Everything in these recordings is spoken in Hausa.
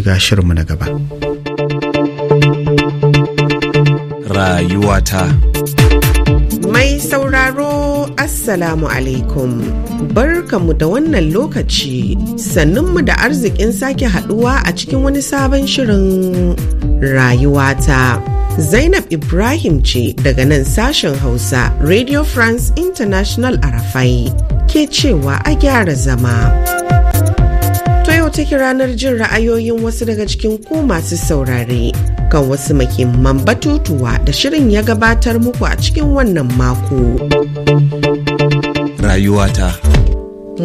ga shirinmu na gaba. Rayuwata Mai sauraro Assalamu alaikum mu da wannan lokaci sannunmu da arzikin sake haduwa a cikin wani sabon shirin rayuwata. Zainab Ibrahim ce daga nan sashen Hausa Radio France International a Rafai ke cewa a gyara zama. take ranar jin ra'ayoyin wasu daga cikin ku masu saurare kan wasu makimman batutuwa da shirin ya gabatar muku a cikin wannan mako. Rayuwata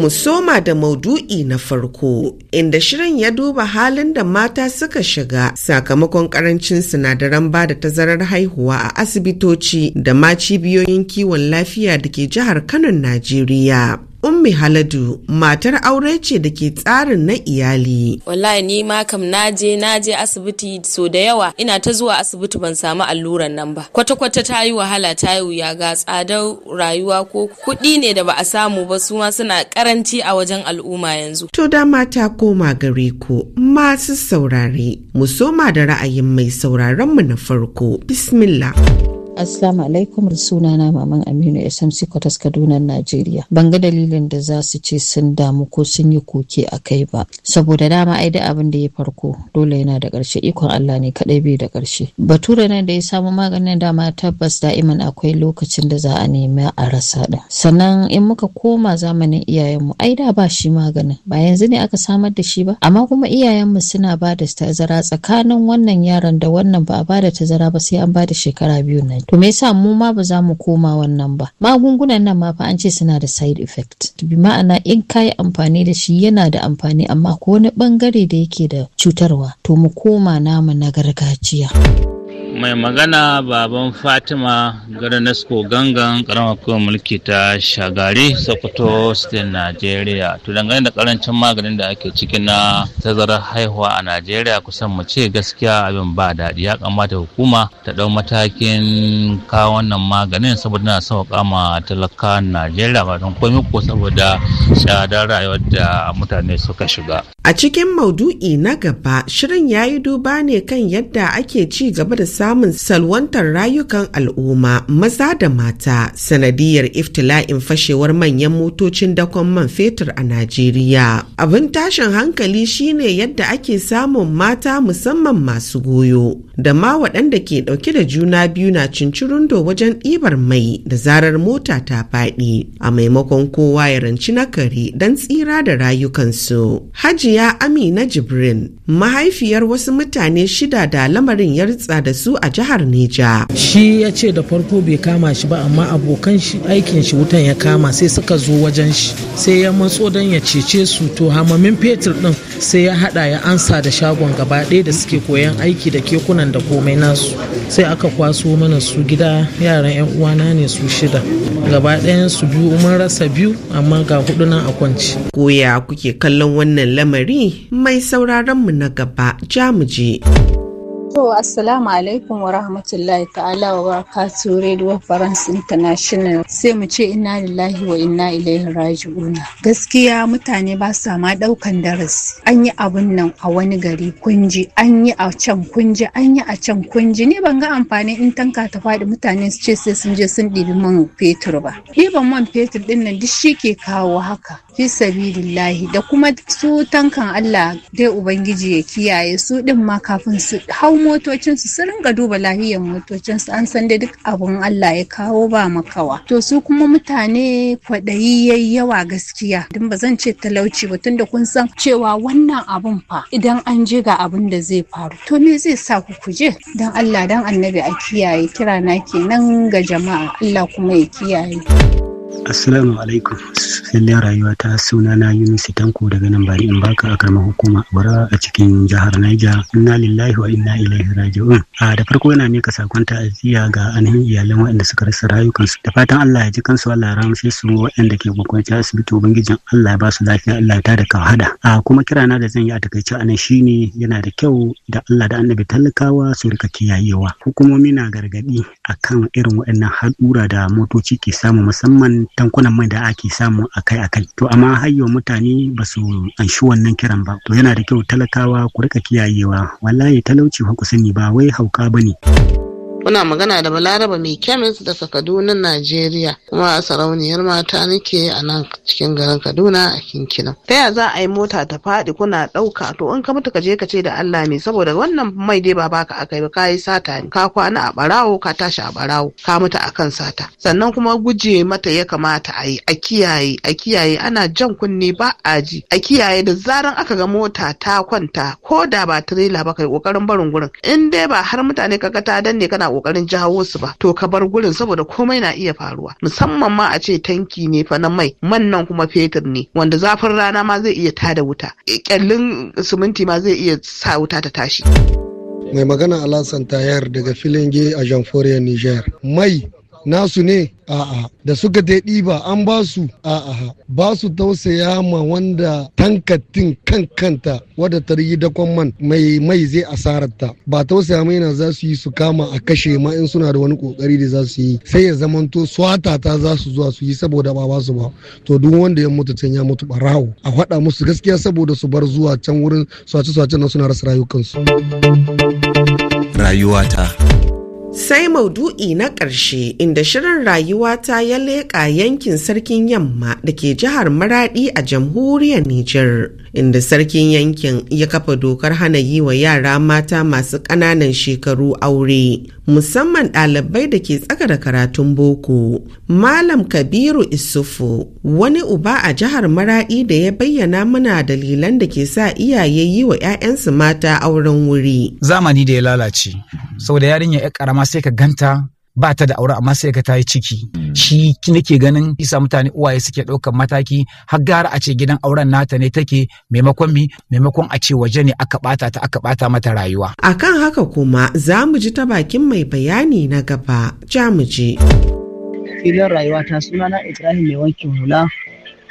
Mu soma da maudu'i na farko inda shirin ya duba halin da mata suka shiga sakamakon karancin sinadaran ba da tazarar haihuwa a asibitoci da ma cibiyoyin kiwon lafiya da ke jihar Kano, Najeriya. Ummi Haladu matar aure ce da ke tsarin na iyali. Wallahi ni ma kam naje naje asibiti so da yawa ina ta zuwa asibiti ban samu alluran nan ba. Kwata-kwata ta yi wahala ta yi wuya ga tsadar rayuwa ko kuɗi ne da ba a samu ba su ma suna karanci a wajen al'umma yanzu. To da mata koma gare ku masu saurare mu soma da ra'ayin mai sauraron mu na farko. Bismillah. Assalamu alaikum sunana Maman Aminu SMC Kwatas Kaduna Najeriya. Ban ga dalilin da za su ce sun damu ko sun yi koke a kai ba. Saboda dama ai da abin da ya farko dole yana da ƙarshe ikon Allah ne kaɗai bai da ƙarshe. Bature nan da ya samu maganin dama tabbas da'iman akwai lokacin da za a nemi a rasa ɗin. Sannan in muka koma zamanin iyayenmu ai da ba shi maganin ba yanzu ne aka samar da shi ba. Amma kuma iyayenmu suna ba da tazara tsakanin wannan yaron da wannan ba a ba da tazara ba sai an ba da shekara biyu nan to me yasa mu ma ba za mu koma wannan ba magungunan nan ma fa an ce suna da side effect To bi ma'ana in ka yi amfani da shi yana da amfani amma ko wani bangare da yake da cutarwa to mu koma namu na gargajiya. mai magana baban fatima garanasko gangan karamar kuma mulki ta shagari sokoto state nigeria to dangane da karancin maganin da ake ciki na tazarar haihuwa a nigeria kusan mu ce gaskiya abin ba daɗi ya kamata hukuma ta ɗau matakin kawo wannan maganin saboda na sauƙa ma talaka nigeria ba don komi ko saboda tsadar rayuwar da mutane suka shiga A cikin maudu'i na gaba, shirin ya yi duba ne kan yadda ake ci gaba da samun salwantar rayukan al'umma maza da mata sanadiyar iftila'in fashewar manyan motocin dakon man fetur a Najeriya. Abin tashin hankali shine yadda ake samun mata musamman masu goyo, da ma waɗanda ke ɗauke da juna biyu na cincirundo wajen ɗibar mai da zarar mota ta faɗi, a maimakon kowa ya ranci na kare don tsira da rayukansu. Hajiya Hajiya Amina Jibrin, mahaifiyar wasu mutane shida da lamarin ya ritsa da su a jihar Neja. Shi ya ce da farko bai kama shi ba amma abokan shi aikin shi wutan ya kama sai suka zo wajen shi sai ya matso don ya cece su to hamamin fetur din sai ya hada ya ansa da shagon gaba ɗaya da suke koyan aiki da kekunan da komai nasu sai aka kwaso mana su gida yaran yan uwana ne su shida gaba ɗayan su biyu mun rasa biyu amma ga hudu nan a kwanci. Koya kuke kallon wannan lamarin gari mai sauraron mu na gaba ja-mu-ji. To assalamu alaikum wa rahmatullahi ta'ala wa barakatuh Radio France International sai mu ce inna lillahi wa inna ilaihi raji'una. Gaskiya mutane ba sa ma daukan darasi. An yi abun nan a wani gari kunji, an yi a can kunji, an yi a can kunji. Ni ban ga amfani in tanka ta faɗi mutane su ce sai sun je sun ɗibi man fetur ba. ban man fetur ɗin nan duk shi ke kawo haka. Fi sabilillahi da kuma su tankan Allah dai Ubangiji ya kiyaye su ɗin ma kafin su hau motocin su ringa duba lahiyar motocinsu an san da duk abun Allah ya kawo ba makawa to su kuma mutane kwaɗayi yayi yawa gaskiya din ba zan ce talauci ba tunda kun san cewa wannan abun fa idan an je ga abun da zai faru to me zai sa ku kuje Dan Allah dan annabi a kiyaye kira na kenan ga jama'a Allah kuma ya kiyaye. Assalamu alaikum. Lallai rayuwa ta suna na Yunus Tanko daga nan bari in baka a karamar hukuma Bara a cikin jihar Niger. Inna lillahi wa inna ilaihi raji'un. A da farko yana mika sakon aziya ga ainihin iyalan waɗanda suka rasa rayukansu. Da fatan Allah ya ji kansu Allah ya ramshe su waɗanda ke kwakwanci asibiti ubangijin Allah ya ba su lafiya Allah ta da hada A kuma kira na da zan yi a takaice a nan shine yana da kyau da Allah da annabi talakawa su rika kiyayewa. Hukumomi na gargaɗi akan irin waɗannan haɗura da motoci ke samu musamman tankunan mai da ake samu akai-akai to amma har mutane ba su anshi wannan kiran ba to yana da kyau talakawa ku rika kiyayewa wallahi talauci ku sani ba wai hauka bane. ne Kuna magana da Balaraba mai kemis daga Kaduna, Najeriya, kuma a sarauniyar mata nake a nan cikin garin Kaduna a Kinkinan. Ta ya za a yi mota ta faɗi kuna ɗauka to in ka mutu ka je ka ce da Allah mai saboda wannan mai dai ba baka aka yi ka yi sata ne ka kwana a ɓarawo ka tashi a barawo ka mutu a kan sata sannan kuma guje mata ya kamata a yi a kiyaye a kiyaye ana jan kunne ba a ji a kiyaye da zaran aka ga mota ta kwanta ko da ba tirela ba ka yi kokarin barin gurin in dai ba har mutane ka ga ta danne kana kokarin jawo su ba to ka bar gurin saboda komai na iya faruwa musamman ma a ce tanki ne fa na mai man nan kuma fetur ne wanda zafin rana ma zai iya tada wuta e, kyallin siminti ma zai iya sa wuta ta tashi mai magana alasan tayar daga filin filinge a jamforiyar niger mai nasu ne a'a da suka dai ɗiba an ba su a'a ba su tausaya ma wanda tankatin kankanta kanta wadda ta yi dakon man mai mai zai asararta ba tausaya mai na za su yi su kama a kashe ma in suna da wani kokari da za su yi sai ya zamanto swata ta za su zuwa su yi saboda ba ba su ba to duk wanda ya mutu can ya mutu barawo a faɗa musu gaskiya saboda su bar zuwa can wurin swace-swacen nan suna rasa rayukansu rayuwata Sai maudu'i na ƙarshe inda shirin rayuwata ya leƙa yankin sarkin yamma da ke jihar Maradi a jamhuriyar Nijar. inda sarkin yankin ya kafa dokar hana yi wa yara mata masu ƙananan shekaru aure musamman ɗalibai da ke tsaka da karatun boko malam kabiru isufu wani uba a jihar maraɗi da ya bayyana mana dalilan da ke sa iyaye yi wa 'ya'yansu mata auren wuri zamani da ya lalace sau da yarinya ya karama sai ka ganta ba ta da aure amma sai ka ta yi ciki hmm. shi nake ganin isa mutane uwaye suke ɗaukar mataki har gara a ce gidan auren nata ne take maimakon mi maimakon a ce waje ne aka bata ta aka bata mata rayuwa akan haka kuma za mu ji ta bakin mai bayani na gaba ja mu je filin rayuwa ta sunana ibrahim mai wankin hula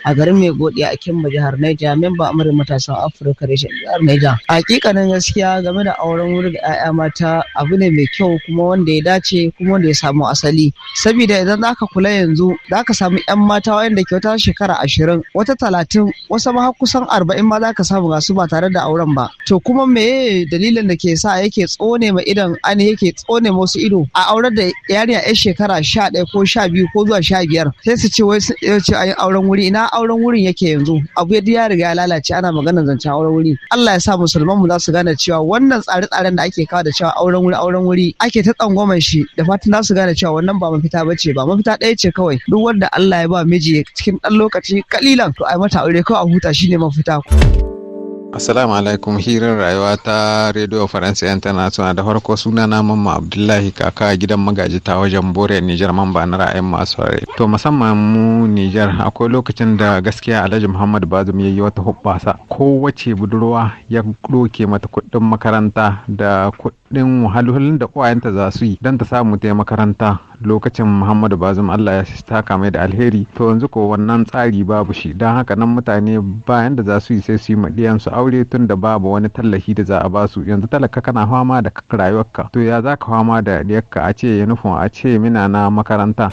a garin mai godiya a kimba jihar Niger memba amurin matasan Afirka reshen jihar Niger. Hakikanin gaskiya game da auren wuri da 'ya'ya mata abu ne mai kyau kuma wanda ya dace kuma wanda ya samu asali. saboda idan zaka kula yanzu zaka samu 'yan mata wanda ke wata shekara ashirin wata talatin wasu ma kusan arba'in ma zaka samu ga ba tare da auren ba. To kuma meye dalilin da ke sa yake tsone ma idan ani yake tsone ma wasu ido a auren da yarinya 'yan shekara sha ɗaya ko sha biyu ko zuwa sha biyar sai su ce wai ce auren wuri ina auren wurin yake yanzu abu ya ya riga ya lalace ana maganar zancen auren wuri Allah ya sa musulman mu za su gane cewa wannan tsare-tsaren da ake kawo da cewa auren wuri auren wuri ake ta tsangwaman shi da fatan za su gane cewa wannan ba mafita ba ce ba mafita ɗaya ce kawai duk wanda Allah ya ba miji cikin ɗan lokaci kalilan to ai mata aure kawai a huta shine mafita. Assalamu alaikum hirar rayuwa ta Radio Faransa International da farko suna na Mamma Abdullahi kaka gidan magaji ta wajen Bore Nijar man ba na ra'ayin masu rai. To musamman mu Nijar akwai lokacin da gaskiya Alhaji Muhammad Bazum yayi wata hubbasa kowace budurwa ya doke mata kuɗin makaranta da kuɗin wahalhalun da uwayenta za su yi don ta samu ta makaranta lokacin muhammadu bazum allah ya taka mai da alheri to yanzu ko wannan tsari babu shi don haka nan mutane bayan da za su yi sai su yi maɗiyan su aure tun da babu wani tallafi da za a ba su yanzu talaka kana fama da rayuwarka to ya za ka fama da ɗiyarka a ce ya nufin a ce mina na makaranta.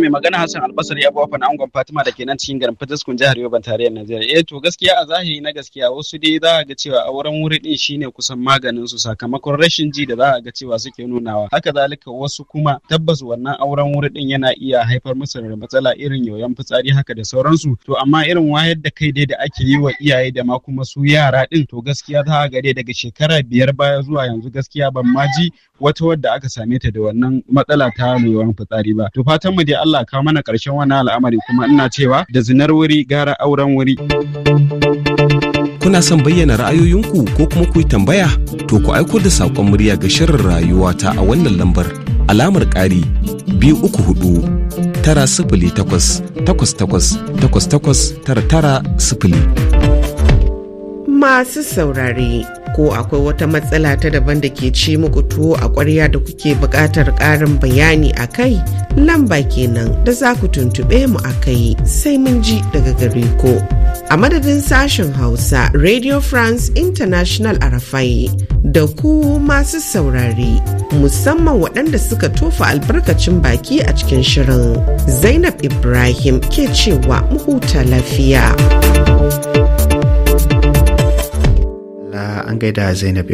mai magana Hassan Albasari Abu fana Angon Fatima da ke nan cikin garin Fataskun jihar Yoruba tarayyar Najeriya. Eh to gaskiya a zahiri na gaskiya wasu dai za a ga cewa auren wuri din shine kusan maganin su sakamakon rashin ji da za a ga cewa suke nunawa. Haka zalika wasu kuma tabbas wannan auren wuri din yana iya haifar musu da matsala irin yoyon fitsari haka da sauransu. To amma irin wayar da kai dai da ake yi wa iyaye da ma kuma su yara din to gaskiya za a ga dai daga shekara biyar baya zuwa yanzu gaskiya ban ma ji wata wadda aka same ta da wannan matsala ta yoyon fitsari ba. To fatan mu dai Allah ka mana ƙarshen wannan al'amari kuma ina cewa da zinar wuri gara auren wuri. Kuna son bayyana ra'ayoyinku ko kuma ku yi tambaya? To ku aiko da saƙon murya ga shirin rayuwa ta a wannan lambar alamar ƙari biyu uku hudu tara sifili takwas takwas takwas takwas takwas tara tara sifili. Masu saurare ko akwai wata matsala ta daban da ke ci muku tuwo a ƙwarya da kuke buƙatar ƙarin bayani a kai lamba kenan da za ku tuntuɓe mu a kai sai mun ji daga gare ku. A madadin sashen Hausa Radio France International a Rafai da ku masu saurari, musamman waɗanda suka tofa albarkacin baki a cikin shirin Zainab Ibrahim ke cewa mu huta lafiya. angkaida zainab